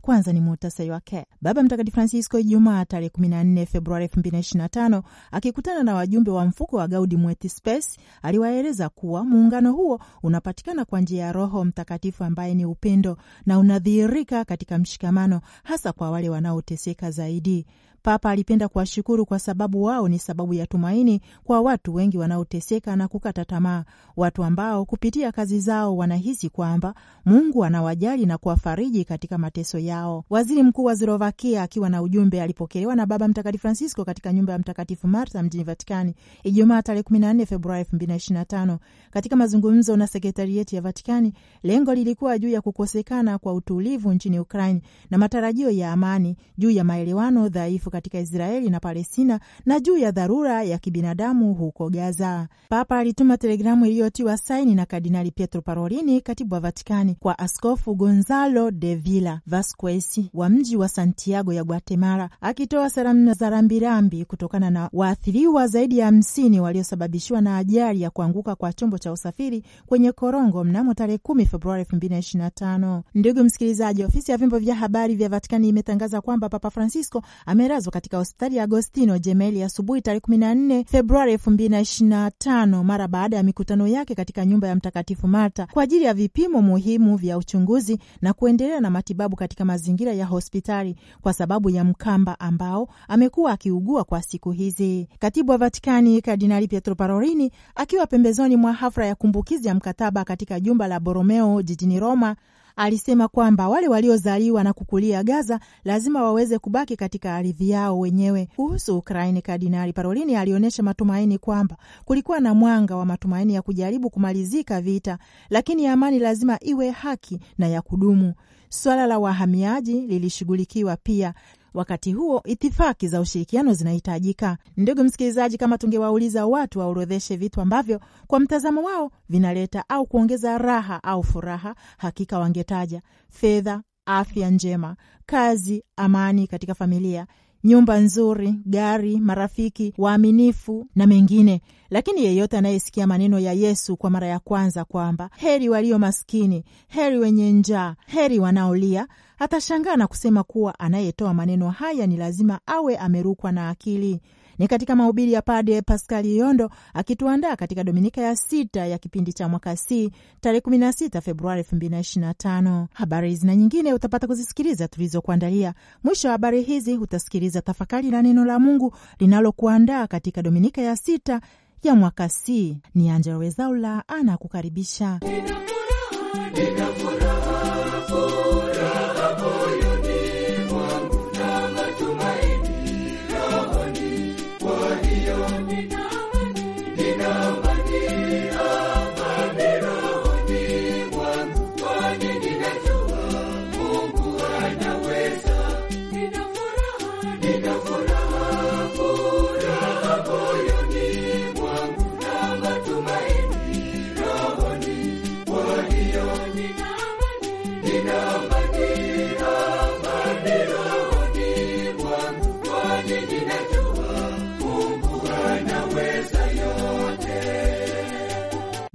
kwanza ni muhtasari wake. Baba Mtakatifu Francisco Ijumaa tarehe 14 Februari 2025 akikutana na wajumbe wa mfuko wa Gaudium et Spes aliwaeleza kuwa muungano huo unapatikana kwa njia ya Roho Mtakatifu ambaye ni upendo na unadhihirika katika mshikamano, hasa kwa wale wanaoteseka zaidi. Papa alipenda kuwashukuru kwa sababu wao ni sababu ya tumaini kwa watu wengi wanaoteseka na kukata tamaa, watu ambao kupitia kazi zao wanahisi kwamba Mungu anawajali na kuwafariji katika mateso yao. Waziri Mkuu wa Slovakia akiwa na ujumbe alipokelewa na Baba Mtakatifu Francisco katika nyumba ya Mtakatifu Marta mjini Vatikani Ijumaa tarehe 14 Februari 2025. Katika mazungumzo na sekretarieti ya Vatikani, lengo lilikuwa juu ya kukosekana kwa utulivu nchini Ukraine na matarajio ya amani, juu ya maelewano dhaifu katika Israeli na Palestina na juu ya dharura ya kibinadamu huko Gaza. Papa alituma telegramu iliyotiwa saini na Kardinali Pietro Parolini, katibu wa Vatikani, kwa Askofu Gonzalo de Villa Vasquez wa mji wa Santiago ya Guatemala, akitoa salamu za rambirambi kutokana na waathiriwa zaidi ya hamsini waliosababishiwa na ajali ya kuanguka kwa chombo cha usafiri kwenye korongo mnamo tarehe kumi Februari elfu mbili na ishirini na tano. Ndugu msikilizaji, ofisi ya vyombo vya habari vya Vatikani imetangaza kwamba Papa Francisco amera amelazwa katika hospitali ya Agostino jemeli asubuhi tarehe 14 Februari 2025 mara baada ya mikutano yake katika nyumba ya Mtakatifu Marta kwa ajili ya vipimo muhimu vya uchunguzi na kuendelea na matibabu katika mazingira ya hospitali kwa sababu ya mkamba ambao amekuwa akiugua kwa siku hizi. Katibu wa Vatikani Kardinali Pietro Parolini akiwa pembezoni mwa hafla ya kumbukizi ya mkataba katika jumba la Boromeo jijini Roma alisema kwamba wale waliozaliwa na kukulia Gaza lazima waweze kubaki katika ardhi yao wenyewe. Kuhusu Ukraini, Kardinali Parolini alionyesha matumaini kwamba kulikuwa na mwanga wa matumaini ya kujaribu kumalizika vita, lakini amani lazima iwe haki na ya kudumu. Swala la wahamiaji lilishughulikiwa pia Wakati huo itifaki za ushirikiano zinahitajika. Ndugu msikilizaji, kama tungewauliza watu waorodheshe vitu ambavyo kwa mtazamo wao vinaleta au kuongeza raha au furaha, hakika wangetaja fedha, afya njema, kazi, amani katika familia nyumba nzuri, gari, marafiki, waaminifu na mengine. Lakini yeyote anayesikia maneno ya Yesu kwa mara ya kwanza kwamba heri walio maskini, heri wenye njaa, heri wanaolia, atashangaa na kusema kuwa anayetoa maneno haya ni lazima awe amerukwa na akili ni katika mahubiri ya Padre Pascal Yondo akituandaa katika dominika ya sita ya kipindi cha mwaka C tarehe 16 Februari 2025. Habari hizi na nyingine utapata kuzisikiliza tulizokuandalia. Mwisho wa habari hizi utasikiliza tafakari la neno la Mungu linalokuandaa katika dominika ya sita ya mwaka C. Ni Angela Wezaula anakukaribisha.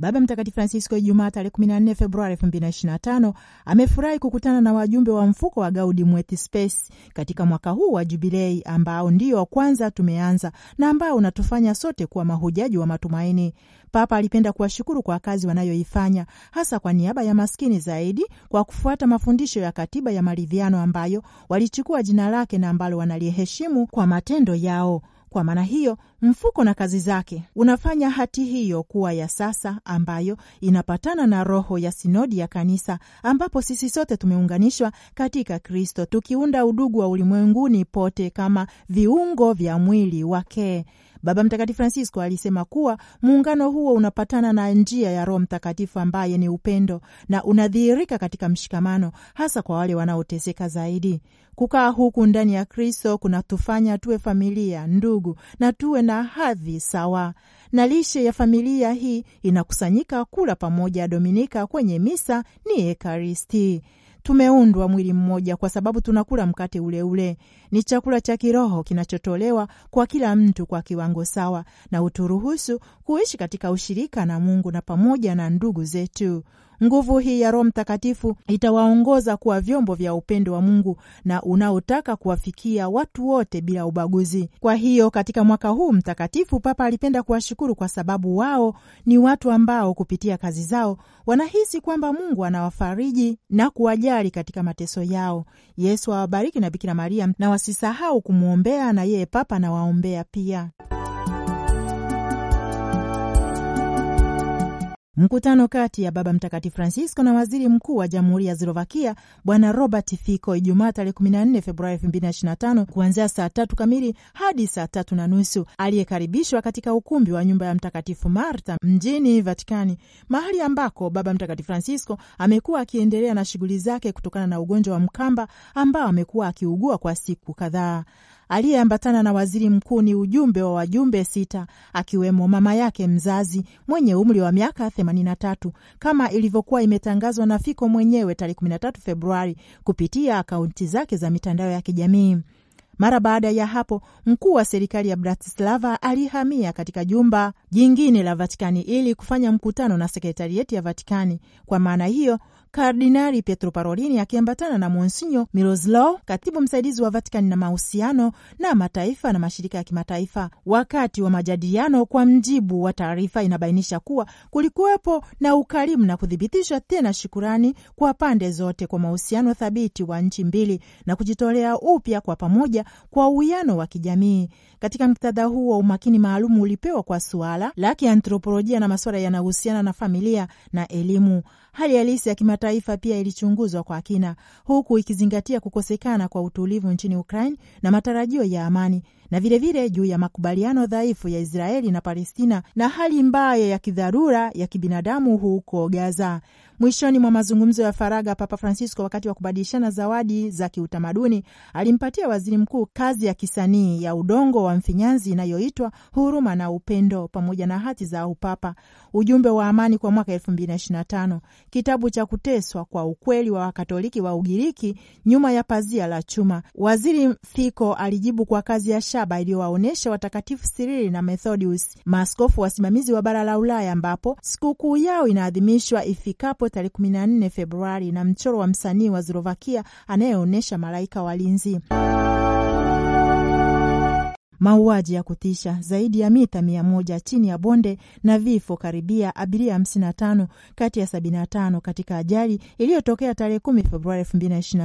Baba Mtakatifu Francisco Ijumaa tarehe 14 Februari 2025 amefurahi kukutana na wajumbe wa mfuko wa Gaudium et Spes katika mwaka huu wa Jubilei ambao ndio kwanza tumeanza na ambao unatufanya sote kuwa mahujaji wa matumaini. Papa alipenda kuwashukuru kwa kazi wanayoifanya hasa kwa niaba ya maskini zaidi, kwa kufuata mafundisho ya katiba ya maridhiano ambayo walichukua jina lake na ambalo wanaliheshimu kwa matendo yao. Kwa maana hiyo, mfuko na kazi zake unafanya hati hiyo kuwa ya sasa, ambayo inapatana na roho ya sinodi ya kanisa, ambapo sisi sote tumeunganishwa katika Kristo, tukiunda udugu wa ulimwenguni pote kama viungo vya mwili wake. Baba Mtakatifu Francisco alisema kuwa muungano huo unapatana na njia ya Roho Mtakatifu ambaye ni upendo na unadhihirika katika mshikamano, hasa kwa wale wanaoteseka zaidi. Kukaa huku ndani ya Kristo kunatufanya tuwe familia, ndugu, na tuwe na hadhi sawa na lishe ya familia hii inakusanyika kula pamoja Dominika kwenye misa ni Ekaristi. Tumeundwa mwili mmoja kwa sababu tunakula mkate ule ule. Ni chakula cha kiroho kinachotolewa kwa kila mtu kwa kiwango sawa, na huturuhusu kuishi katika ushirika na Mungu na pamoja na ndugu zetu. Nguvu hii ya Roho Mtakatifu itawaongoza kuwa vyombo vya upendo wa Mungu na unaotaka kuwafikia watu wote bila ubaguzi. Kwa hiyo katika mwaka huu mtakatifu, Papa alipenda kuwashukuru kwa sababu wao ni watu ambao kupitia kazi zao wanahisi kwamba Mungu anawafariji na kuwajali katika mateso yao. Yesu awabariki na Bikira Maria, na wasisahau kumwombea na yeye Papa anawaombea pia. Mkutano kati ya Baba Mtakatifu Francisco na waziri mkuu wa Jamhuri ya Slovakia Bwana Robert Fico Ijumaa tarehe 14 Februari 2025 kuanzia saa tatu kamili hadi saa tatu na nusu aliyekaribishwa katika ukumbi wa nyumba ya Mtakatifu Marta mjini Vatikani, mahali ambako Baba Mtakatifu Francisco amekuwa akiendelea na shughuli zake kutokana na ugonjwa wa mkamba ambao amekuwa akiugua kwa siku kadhaa. Aliyeambatana na waziri mkuu ni ujumbe wa wajumbe sita, akiwemo mama yake mzazi mwenye umri wa miaka 83 kama ilivyokuwa imetangazwa na Fiko mwenyewe tarehe 13 Februari kupitia akaunti zake za mitandao ya kijamii. Mara baada ya hapo mkuu wa serikali ya Bratislava alihamia katika jumba jingine la Vatikani ili kufanya mkutano na sekretarieti ya Vatikani. Kwa maana hiyo Kardinali Pietro Parolini akiambatana na Monsinyo Miroslaw, katibu msaidizi wa Vatikani na mahusiano na mataifa na mashirika ya kimataifa. Wakati wa majadiliano, kwa mjibu wa taarifa, inabainisha kuwa kulikuwepo na ukarimu na kuthibitisha tena shukurani kwa pande zote kwa mahusiano thabiti wa nchi mbili na kujitolea upya kwa pamoja kwa uwiano wa kijamii. Katika muktadha huo, umakini maalum ulipewa kwa suala la kiantropolojia na masuala yanayohusiana na familia na elimu. Hali halisi ya kimataifa kimataifa pia ilichunguzwa kwa kina, huku ikizingatia kukosekana kwa utulivu nchini Ukraine na matarajio ya amani na vilevile vile juu ya makubaliano dhaifu ya Israeli na Palestina na hali mbaya ya kidharura ya kibinadamu huko Gaza. Mwishoni mwa mazungumzo ya faraga, Papa Francisco, wakati wa kubadilishana zawadi za kiutamaduni, alimpatia waziri mkuu kazi ya kisanii ya udongo wa mfinyanzi inayoitwa Huruma na Upendo, pamoja na hati za upapa, ujumbe wa amani kwa mwaka 2025, kitabu cha kuteswa kwa ukweli wa Wakatoliki wa Ugiriki nyuma ya pazia la chuma. Waziri Fico alijibu kwa kazi ya shaba saba iliyowaonyesha watakatifu Sirili na Methodius, maaskofu wasimamizi wa bara la Ulaya, ambapo sikukuu yao inaadhimishwa ifikapo tarehe 14 Februari na mchoro wa msanii wa Slovakia anayeonyesha malaika walinzi mauaji ya kutisha, zaidi ya mita mia moja chini ya bonde na vifo karibia abiria tano kati ya tano katika ajali iliyotokea tarehe kumi Februari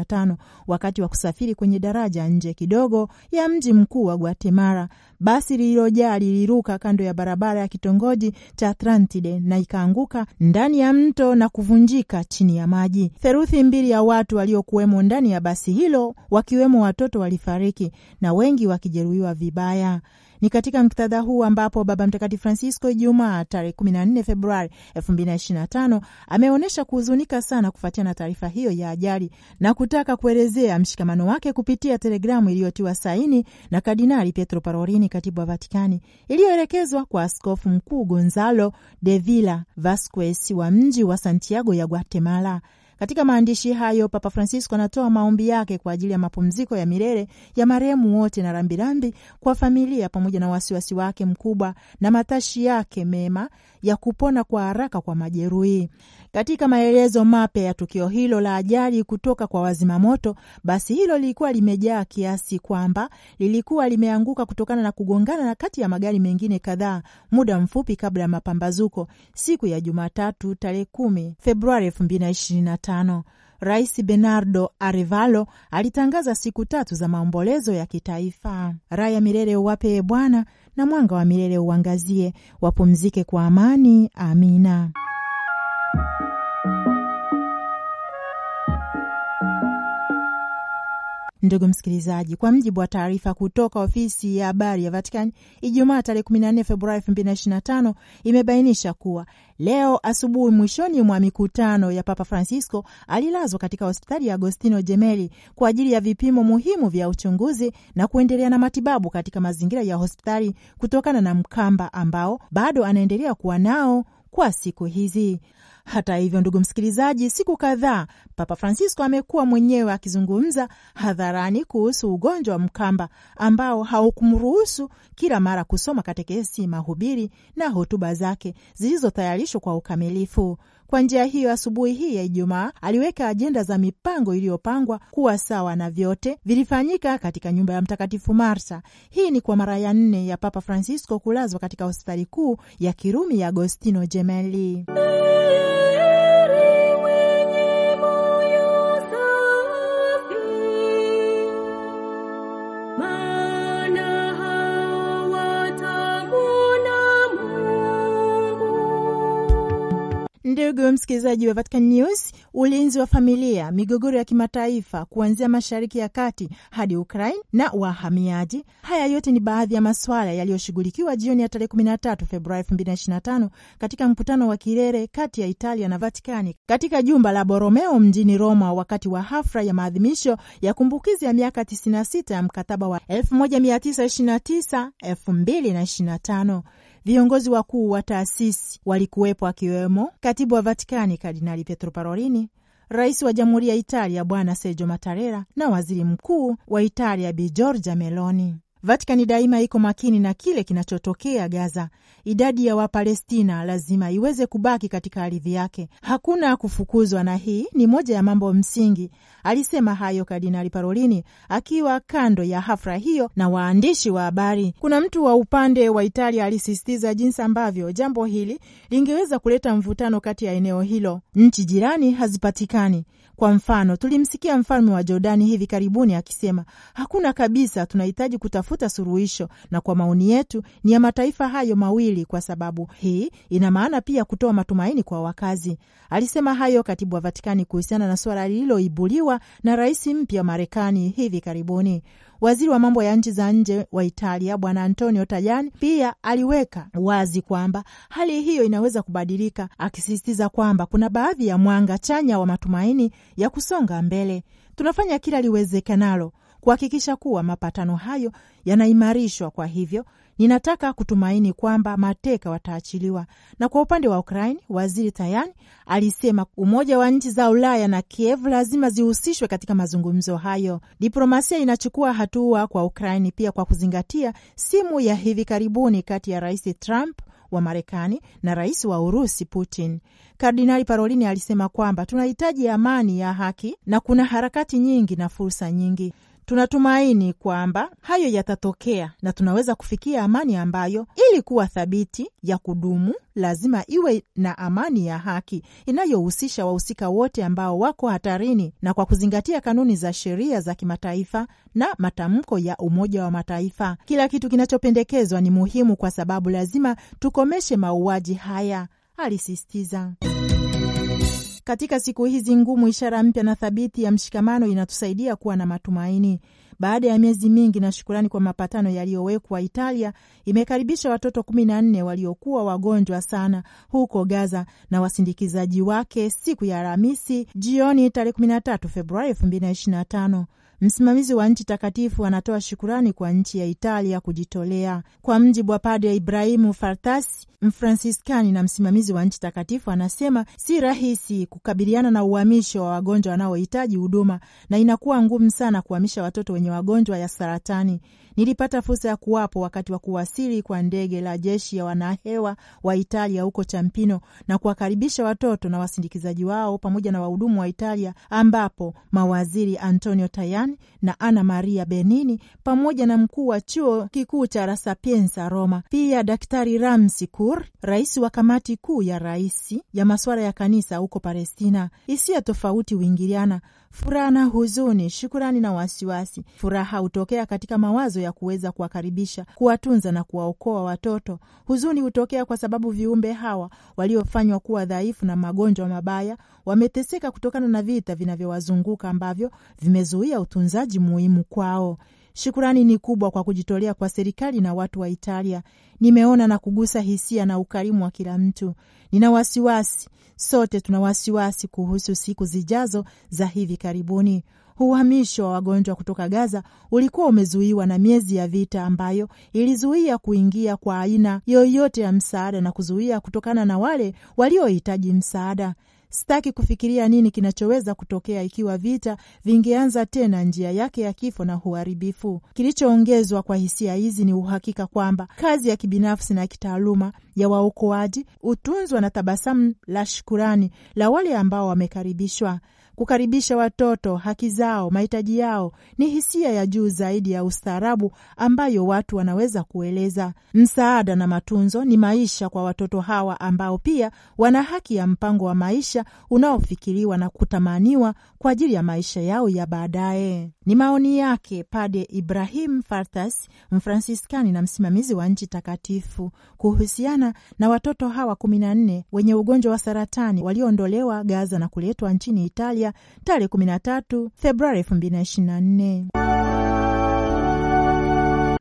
tano wakati wa kusafiri kwenye daraja nje kidogo ya mji mkuu wa Guatemala. Basi lililojaa liliruka kando ya barabara ya kitongoji cha Atlantide na ikaanguka ndani ya mto na kuvunjika chini ya maji. Theruthi mbili ya watu waliokuwemo ndani ya basi hilo, wakiwemo watoto, walifariki na wengi wakijeruhiwa vibaya vibaya. Ni katika mktadha huu ambapo Baba Mtakatifu Francisco Ijumaa tarehe 14 Februari 2025 ameonyesha kuhuzunika sana kufuatia na taarifa hiyo ya ajali na kutaka kuelezea mshikamano wake kupitia telegramu iliyotiwa saini na Kardinali Pietro parorini katibu wa Vatikani, iliyoelekezwa kwa Askofu Mkuu Gonzalo de vila Vasquez wa mji wa Santiago ya Guatemala. Katika maandishi hayo Papa Francisco anatoa maombi yake kwa ajili ya mapumziko ya milele ya marehemu wote na rambirambi kwa familia, pamoja na wasiwasi wake mkubwa na matashi yake mema ya kupona kwa haraka kwa majeruhi. Katika maelezo mapya ya tukio hilo la ajali kutoka kwa wazima moto, basi hilo lilikuwa limejaa kiasi kwamba lilikuwa limeanguka kutokana na kugongana na kati ya magari mengine kadhaa muda mfupi kabla ya mapambazuko siku ya Jumatatu tarehe 10 Februari 2025. Rais Bernardo Arevalo alitangaza siku tatu za maombolezo ya kitaifa. Raya milele uwape Bwana, na mwanga wa milele uangazie. Wapumzike kwa amani. Amina. Ndugu msikilizaji, kwa mjibu wa taarifa kutoka ofisi ya habari ya Vatican Ijumaa tarehe 14 Februari 2025 imebainisha kuwa leo asubuhi mwishoni mwa mikutano ya Papa Francisco alilazwa katika hospitali ya Agostino Jemeli kwa ajili ya vipimo muhimu vya uchunguzi na kuendelea na matibabu katika mazingira ya hospitali kutokana na mkamba ambao bado anaendelea kuwa nao kwa siku hizi. Hata hivyo, ndugu msikilizaji, siku kadhaa Papa Francisco amekuwa mwenyewe akizungumza hadharani kuhusu ugonjwa wa mkamba ambao haukumruhusu kila mara kusoma katekesi, mahubiri na hotuba zake zilizotayarishwa kwa ukamilifu. Kwa njia hiyo, asubuhi hii ya Ijumaa aliweka ajenda za mipango iliyopangwa kuwa sawa na vyote vilifanyika katika nyumba ya Mtakatifu Marta. Hii ni kwa mara ya nne ya Papa Francisco kulazwa katika hospitali kuu ya Kirumi ya Agostino Gemelli. Ndugu msikilizaji wa Vatican News, ulinzi wa familia, migogoro ya kimataifa kuanzia Mashariki ya Kati hadi Ukraine na wahamiaji, haya yote ni baadhi ya masuala yaliyoshughulikiwa jioni ya tarehe 13 Februari 2025 katika mkutano wa kilele kati ya Italia na Vatikani katika jumba la Boromeo mjini Roma, wakati wa hafla ya maadhimisho ya kumbukizi ya miaka 96 ya mkataba wa 1929 2025 Viongozi wakuu wa taasisi walikuwepo akiwemo katibu wa Vatikani Kardinali petro Parolini, rais wa jamhuri ya Italia Bwana Sergio Mattarella na waziri mkuu wa Italia Bi Giorgia Meloni. Vatikani daima iko makini na kile kinachotokea Gaza. Idadi ya Wapalestina lazima iweze kubaki katika ardhi yake, hakuna kufukuzwa, na hii ni moja ya mambo msingi. Alisema hayo Kardinali Parolini akiwa kando ya hafla hiyo na waandishi wa habari. Kuna mtu wa upande wa Italia alisisitiza jinsi ambavyo jambo hili lingeweza kuleta mvutano kati ya eneo hilo, nchi jirani hazipatikani kwa mfano, tulimsikia mfalme wa Jordani hivi karibuni akisema hakuna kabisa, tunahitaji kutafuta suluhisho, na kwa maoni yetu ni ya mataifa hayo mawili, kwa sababu hii ina maana pia kutoa matumaini kwa wakazi. Alisema hayo katibu wa Vatikani kuhusiana na suala lililoibuliwa na rais mpya wa Marekani hivi karibuni. Waziri wa mambo ya nchi za nje wa Italia Bwana Antonio Tajani pia aliweka wazi kwamba hali hiyo inaweza kubadilika, akisisitiza kwamba kuna baadhi ya mwanga chanya wa matumaini ya kusonga mbele. Tunafanya kila liwezekanalo kuhakikisha kuwa mapatano hayo yanaimarishwa. Kwa hivyo Ninataka kutumaini kwamba mateka wataachiliwa. Na kwa upande wa Ukraini, waziri Tayani alisema Umoja wa Nchi za Ulaya na Kiev lazima zihusishwe katika mazungumzo hayo. Diplomasia inachukua hatua kwa Ukraini pia kwa kuzingatia simu ya hivi karibuni kati ya Rais Trump wa Marekani na rais wa Urusi Putin. Kardinali Parolini alisema kwamba tunahitaji amani ya haki na kuna harakati nyingi na fursa nyingi. Tunatumaini kwamba hayo yatatokea na tunaweza kufikia amani ambayo, ili kuwa thabiti ya kudumu, lazima iwe na amani ya haki inayohusisha wahusika wote ambao wako hatarini, na kwa kuzingatia kanuni za sheria za kimataifa na matamko ya Umoja wa Mataifa. Kila kitu kinachopendekezwa ni muhimu, kwa sababu lazima tukomeshe mauaji haya, alisisitiza. Katika siku hizi ngumu, ishara mpya na thabiti ya mshikamano inatusaidia kuwa na matumaini. Baada ya miezi mingi na shukurani kwa mapatano yaliyowekwa, Italia imekaribisha watoto kumi na nne waliokuwa wagonjwa sana huko Gaza na wasindikizaji wake siku ya Alhamisi jioni tarehe 13 Februari 2025. Msimamizi wa nchi takatifu anatoa shukurani kwa nchi ya Italia kujitolea. Kwa mjibu wa Padre Ibrahimu Fartasi, Mfransiskani na msimamizi wa nchi takatifu, anasema si rahisi kukabiliana na uhamisho wa wagonjwa wanaohitaji huduma na inakuwa ngumu sana kuhamisha watoto wenye wagonjwa ya saratani Nilipata fursa ya kuwapo wakati wa kuwasili kwa ndege la jeshi ya wanahewa wa Italia huko Champino na kuwakaribisha watoto na wasindikizaji wao pamoja na wahudumu wa Italia, ambapo mawaziri Antonio Tajani na Ana Maria Benini pamoja na mkuu wa chuo kikuu cha La Sapienza Roma, pia Daktari Ramsi Kur, rais wa kamati kuu ya rais ya masuala ya kanisa huko Palestina. Hisia tofauti huingiliana furaha na huzuni, shukurani na wasiwasi. Furaha hutokea katika mawazo ya kuweza kuwakaribisha, kuwatunza na kuwaokoa watoto. Huzuni hutokea kwa sababu viumbe hawa waliofanywa kuwa dhaifu na magonjwa mabaya wameteseka kutokana na vita vinavyowazunguka ambavyo vimezuia utunzaji muhimu kwao. Shukurani ni kubwa kwa kujitolea kwa serikali na watu wa Italia. Nimeona na kugusa hisia na ukarimu wa kila mtu. Nina wasiwasi Sote tuna wasiwasi kuhusu siku zijazo za hivi karibuni. Uhamisho wa wagonjwa kutoka Gaza ulikuwa umezuiwa na miezi ya vita ambayo ilizuia kuingia kwa aina yoyote ya msaada na kuzuia kutokana na wale waliohitaji msaada. Sitaki kufikiria nini kinachoweza kutokea ikiwa vita vingeanza tena njia yake ya kifo na uharibifu. Kilichoongezwa kwa hisia hizi ni uhakika kwamba kazi ya kibinafsi na kitaaluma ya waokoaji utunzwa na tabasamu la shukurani la wale ambao wamekaribishwa kukaribisha watoto, haki zao, mahitaji yao ni hisia ya juu zaidi ya ustaarabu ambayo watu wanaweza kueleza. Msaada na matunzo ni maisha kwa watoto hawa ambao pia wana haki ya mpango wa maisha unaofikiriwa na kutamaniwa kwa ajili ya maisha yao ya baadaye. Ni maoni yake Pade Ibrahim Fartas, Mfransiskani na msimamizi wa nchi takatifu, kuhusiana na watoto hawa kumi na nne wenye ugonjwa wa saratani walioondolewa Gaza na kuletwa nchini Italia tarehe 13 Februari 2024.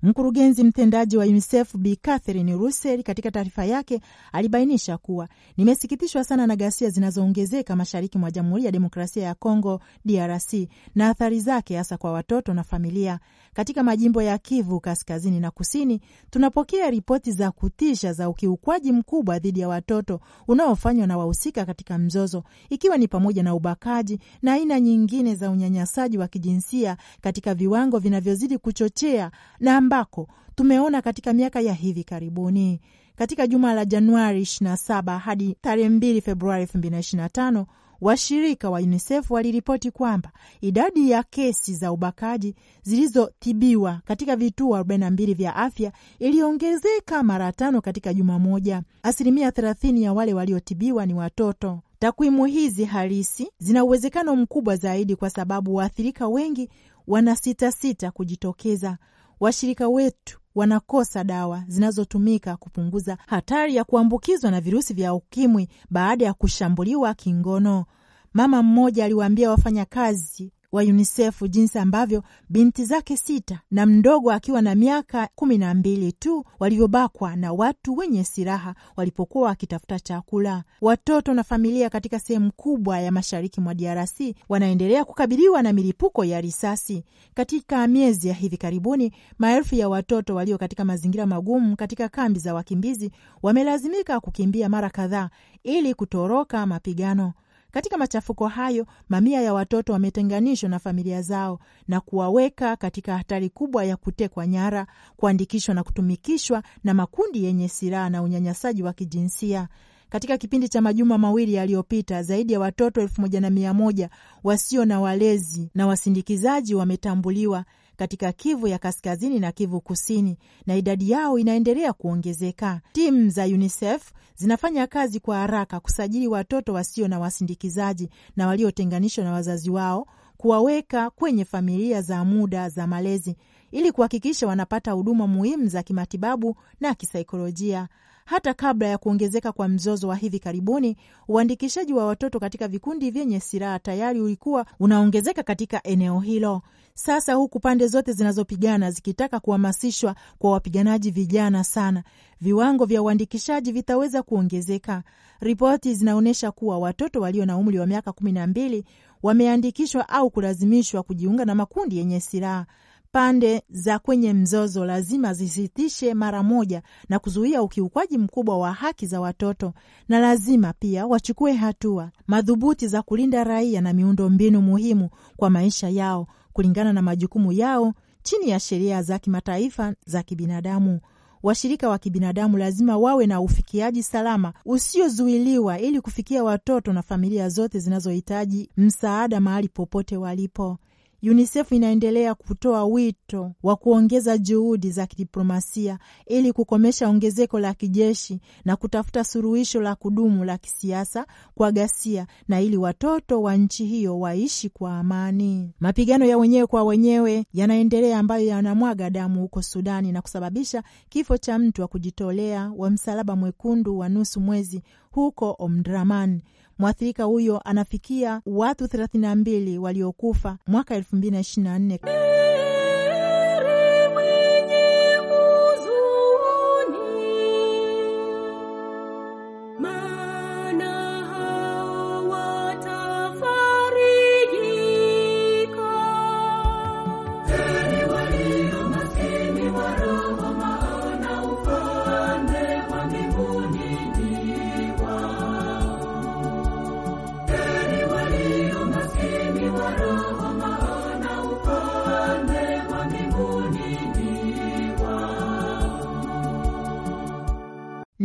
Mkurugenzi mtendaji wa UNICEF Bi Catherine Russell katika taarifa yake alibainisha kuwa nimesikitishwa sana na ghasia zinazoongezeka mashariki mwa Jamhuri ya Demokrasia ya Kongo DRC na athari zake hasa kwa watoto na familia katika majimbo ya Kivu kaskazini na kusini. Tunapokea ripoti za kutisha za ukiukwaji mkubwa dhidi ya watoto unaofanywa na wahusika katika mzozo, ikiwa ni pamoja na ubakaji na aina nyingine za unyanyasaji wa kijinsia katika viwango vinavyozidi kuchochea na ambako tumeona katika miaka ya hivi karibuni. Katika juma la Januari 27 hadi tarehe 2 Februari 2025 washirika wa UNICEF waliripoti kwamba idadi ya kesi za ubakaji zilizotibiwa katika vituo 42 vya afya iliongezeka mara tano katika juma moja. Asilimia 30 ya wale waliotibiwa ni watoto. Takwimu hizi halisi zina uwezekano mkubwa zaidi, kwa sababu waathirika wengi wana sitasita kujitokeza washirika wetu wanakosa dawa zinazotumika kupunguza hatari ya kuambukizwa na virusi vya ukimwi baada ya kushambuliwa kingono. Mama mmoja aliwaambia wafanyakazi wa UNICEF jinsi ambavyo binti zake sita na mdogo akiwa na miaka kumi na mbili tu walivyobakwa na watu wenye silaha walipokuwa wakitafuta chakula. Watoto na familia katika sehemu kubwa ya mashariki mwa DRC wanaendelea kukabiliwa na milipuko ya risasi. Katika miezi ya hivi karibuni, maelfu ya watoto walio katika mazingira magumu katika kambi za wakimbizi wamelazimika kukimbia mara kadhaa ili kutoroka mapigano. Katika machafuko hayo, mamia ya watoto wametenganishwa na familia zao na kuwaweka katika hatari kubwa ya kutekwa nyara, kuandikishwa na kutumikishwa na makundi yenye silaha na unyanyasaji wa kijinsia. Katika kipindi cha majuma mawili yaliyopita zaidi ya watoto elfu moja na mia moja wasio na walezi na wasindikizaji wametambuliwa katika Kivu ya kaskazini na Kivu kusini, na idadi yao inaendelea kuongezeka. Timu za UNICEF zinafanya kazi kwa haraka kusajili watoto wasio na wasindikizaji na waliotenganishwa na wazazi wao, kuwaweka kwenye familia za muda za malezi ili kuhakikisha wanapata huduma muhimu za kimatibabu na kisaikolojia hata kabla ya kuongezeka kwa mzozo wa hivi karibuni. Uandikishaji wa watoto katika vikundi vyenye silaha tayari ulikuwa unaongezeka katika eneo hilo. Sasa huku pande zote zinazopigana zikitaka kuhamasishwa kwa wapiganaji vijana sana, viwango vya uandikishaji vitaweza kuongezeka. Ripoti zinaonyesha kuwa watoto walio na umri wa miaka kumi na mbili wameandikishwa au kulazimishwa kujiunga na makundi yenye silaha pande za kwenye mzozo lazima zisitishe mara moja na kuzuia ukiukwaji mkubwa wa haki za watoto, na lazima pia wachukue hatua madhubuti za kulinda raia na miundombinu muhimu kwa maisha yao kulingana na majukumu yao chini ya sheria za kimataifa za kibinadamu. Washirika wa kibinadamu lazima wawe na ufikiaji salama usiozuiliwa ili kufikia watoto na familia zote zinazohitaji msaada mahali popote walipo. UNICEF inaendelea kutoa wito wa kuongeza juhudi za kidiplomasia ili kukomesha ongezeko la kijeshi na kutafuta suluhisho la kudumu la kisiasa kwa ghasia na ili watoto wa nchi hiyo waishi kwa amani. Mapigano ya wenyewe kwa wenyewe yanaendelea ambayo yanamwaga damu huko Sudani na kusababisha kifo cha mtu wa kujitolea wa Msalaba Mwekundu wa nusu mwezi huko Omdurman Mwathirika huyo anafikia watu 32 waliokufa mwaka 2024.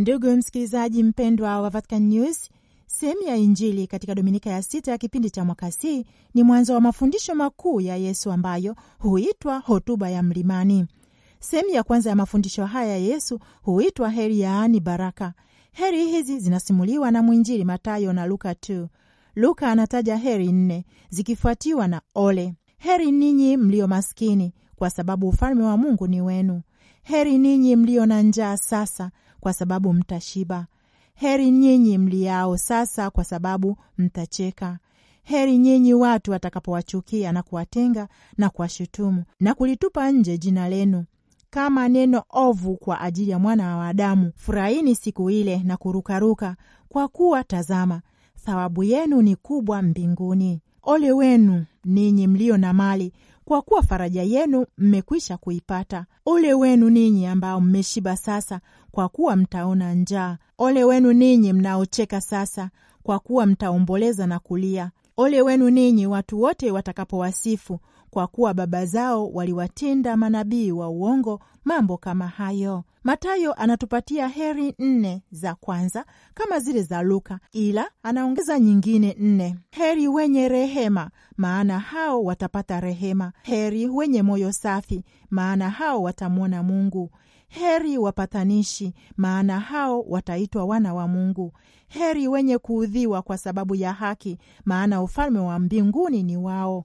Ndugu msikilizaji mpendwa wa Vatican News, sehemu ya Injili katika dominika ya sita ya kipindi cha mwaka C ni mwanzo wa mafundisho makuu ya Yesu ambayo huitwa hotuba ya mlimani. Sehemu ya kwanza ya mafundisho haya ya Yesu huitwa heri, yaani baraka. Heri hizi zinasimuliwa na mwinjili Matayo na Luka tu. Luka anataja heri nne zikifuatiwa na ole. Heri ninyi mlio maskini, kwa sababu ufalme wa Mungu ni wenu. Heri ninyi mlio na njaa sasa, kwa sababu mtashiba. Heri nyinyi mliao sasa, kwa sababu mtacheka. Heri nyinyi watu watakapowachukia na kuwatenga na kuwashutumu na kulitupa nje jina lenu kama neno ovu kwa ajili ya mwana wa Adamu. Furahini siku ile na kurukaruka, kwa kuwa tazama, thawabu yenu ni kubwa mbinguni. Ole wenu ninyi mlio na mali, kwa kuwa faraja yenu mmekwisha kuipata. Ole wenu ninyi ambao mmeshiba sasa, kwa kuwa mtaona njaa. Ole wenu ninyi mnaocheka sasa, kwa kuwa mtaomboleza na kulia. Ole wenu ninyi watu wote watakapowasifu, kwa kuwa baba zao waliwatenda manabii wa uongo mambo kama hayo. Matayo anatupatia heri nne za kwanza kama zile za Luka, ila anaongeza nyingine nne: heri wenye rehema, maana hao watapata rehema; heri wenye moyo safi, maana hao watamwona Mungu; heri wapatanishi, maana hao wataitwa wana wa Mungu; heri wenye kuudhiwa kwa sababu ya haki, maana ufalme wa mbinguni ni wao.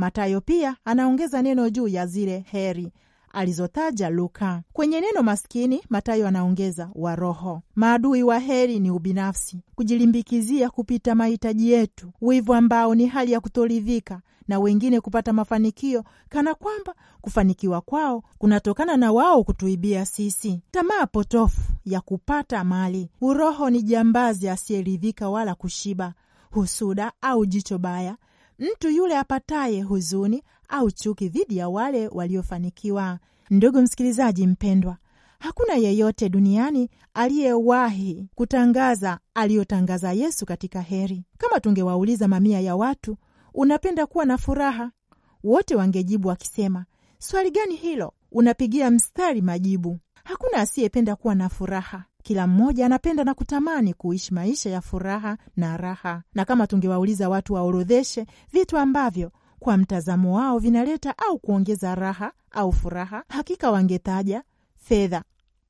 Matayo pia anaongeza neno juu ya zile heri alizotaja Luka. Kwenye neno maskini, Matayo anaongeza wa roho. Maadui wa heri ni ubinafsi, kujilimbikizia kupita mahitaji yetu, wivu ambao ni hali ya kutoridhika na wengine kupata mafanikio kana kwamba kufanikiwa kwao kunatokana na wao kutuibia sisi, tamaa potofu ya kupata mali. Uroho ni jambazi asiyeridhika wala kushiba, husuda au jicho baya mtu yule apataye huzuni au chuki dhidi ya wale waliofanikiwa. Ndugu msikilizaji mpendwa, hakuna yeyote duniani aliyewahi kutangaza aliyotangaza Yesu katika heri. Kama tungewauliza mamia ya watu, unapenda kuwa na furaha? Wote wangejibu wakisema, swali gani hilo? Unapigia mstari majibu. Hakuna asiyependa kuwa na furaha. Kila mmoja anapenda na kutamani kuishi maisha ya furaha na raha, na kama tungewauliza watu waorodheshe vitu ambavyo kwa mtazamo wao vinaleta au kuongeza raha au furaha, hakika wangetaja fedha,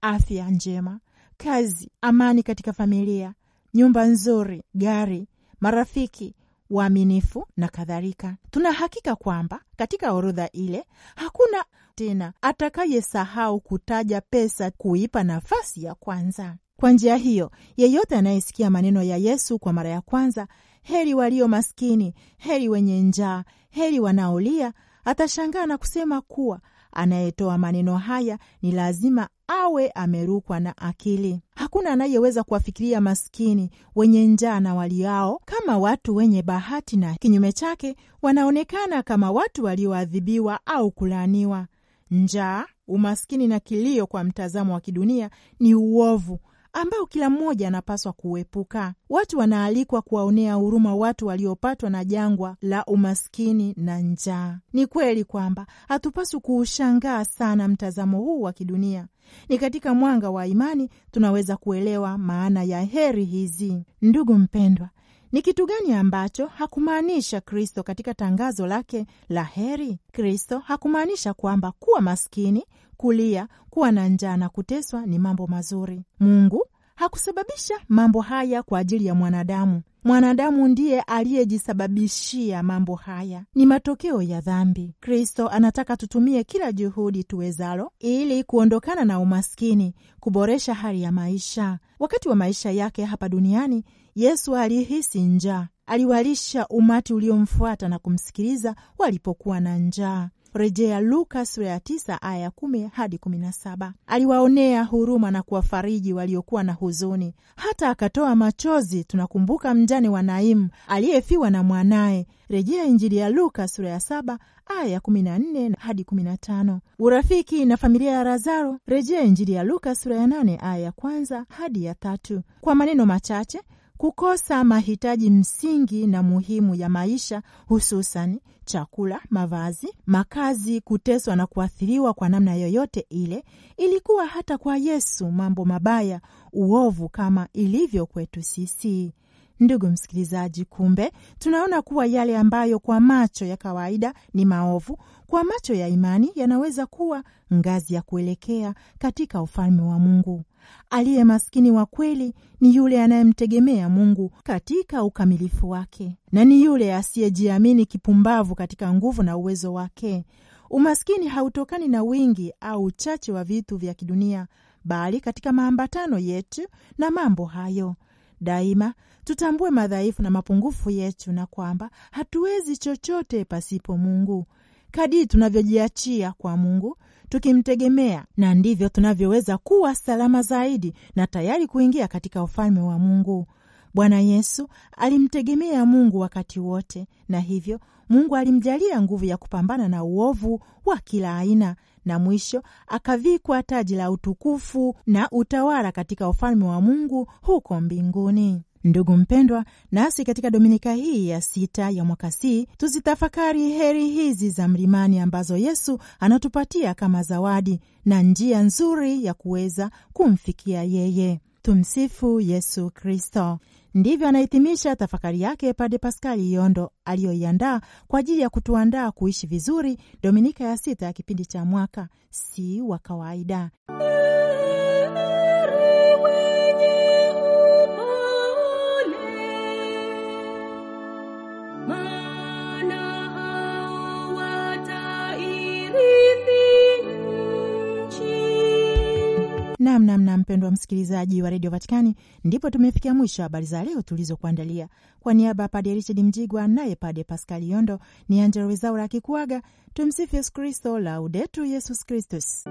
afya njema, kazi, amani katika familia, nyumba nzuri, gari, marafiki waaminifu na kadhalika. Tuna hakika kwamba katika orodha ile hakuna tena atakayesahau kutaja pesa kuipa nafasi ya kwanza. Kwa njia hiyo, yeyote anayesikia maneno ya Yesu kwa mara ya kwanza, heri walio maskini, heri wenye njaa, heri wanaolia, atashangaa na kusema kuwa anayetoa maneno haya ni lazima awe amerukwa na akili. Hakuna anayeweza kuwafikiria maskini, wenye njaa na waliao kama watu wenye bahati, na kinyume chake wanaonekana kama watu walioadhibiwa au kulaaniwa. Njaa, umaskini na kilio, kwa mtazamo wa kidunia, ni uovu ambao kila mmoja anapaswa kuepuka. Watu wanaalikwa kuwaonea huruma watu waliopatwa na jangwa la umaskini na njaa. Ni kweli kwamba hatupaswi kuushangaa sana mtazamo huu wa kidunia. Ni katika mwanga wa imani tunaweza kuelewa maana ya heri hizi. Ndugu mpendwa, ni kitu gani ambacho hakumaanisha Kristo katika tangazo lake la heri? Kristo hakumaanisha kwamba kuwa maskini, kulia, kuwa na njaa na kuteswa ni mambo mazuri. Mungu hakusababisha mambo haya kwa ajili ya mwanadamu, Mwanadamu ndiye aliyejisababishia mambo haya, ni matokeo ya dhambi. Kristo anataka tutumie kila juhudi tuwezalo ili kuondokana na umaskini, kuboresha hali ya maisha. Wakati wa maisha yake hapa duniani, Yesu alihisi njaa. Aliwalisha umati uliomfuata na kumsikiliza walipokuwa na njaa. Rejea Luka sura ya tisa aya ya kumi hadi kumi na saba. Aliwaonea huruma na kuwafariji waliokuwa na huzuni, hata akatoa machozi. Tunakumbuka mjane wa Naimu aliyefiwa na mwanaye. Rejea Injili ya Luka sura ya saba aya ya kumi na nne hadi kumi na tano. Urafiki na familia ya Lazaro. Rejea Injili ya Luka sura ya nane aya ya kwanza hadi ya tatu. Kwa maneno machache kukosa mahitaji msingi na muhimu ya maisha, hususan chakula, mavazi, makazi, kuteswa na kuathiriwa kwa namna yoyote ile, ilikuwa hata kwa Yesu mambo mabaya, uovu kama ilivyo kwetu sisi. Ndugu msikilizaji, kumbe tunaona kuwa yale ambayo kwa macho ya kawaida ni maovu kwa macho ya imani yanaweza kuwa ngazi ya kuelekea katika ufalme wa Mungu. Aliye maskini wa kweli ni yule anayemtegemea Mungu katika ukamilifu wake, na ni yule asiyejiamini kipumbavu katika nguvu na uwezo wake. Umaskini hautokani na wingi au uchache wa vitu vya kidunia, bali katika maambatano yetu na mambo hayo. Daima tutambue madhaifu na mapungufu yetu na kwamba hatuwezi chochote pasipo Mungu kadiri tunavyojiachia kwa Mungu tukimtegemea, na ndivyo tunavyoweza kuwa salama zaidi na tayari kuingia katika ufalme wa Mungu. Bwana Yesu alimtegemea Mungu wakati wote, na hivyo Mungu alimjalia nguvu ya kupambana na uovu wa kila aina, na mwisho akavikwa taji la utukufu na utawala katika ufalme wa Mungu huko mbinguni. Ndugu mpendwa, nasi katika dominika hii ya sita ya mwaka C tuzitafakari heri hizi za mlimani ambazo Yesu anatupatia kama zawadi na njia nzuri ya kuweza kumfikia yeye. Tumsifu Yesu Kristo. Ndivyo anahitimisha tafakari yake Pade Paskali Yondo aliyoiandaa kwa ajili ya kutuandaa kuishi vizuri dominika ya sita ya kipindi cha mwaka si wa kawaida. namnamna mpendo mpendwa msikilizaji wa redio Vatikani, ndipo tumefikia mwisho habari za leo tulizokuandalia. Kwa, niaba ya Pade Richard Mjigwa naye Pade Paskali Yondo ni Anjelo Wezaura akikuaga. Tumsifu Yesu Kristo, Laudetu Yesus Kristus.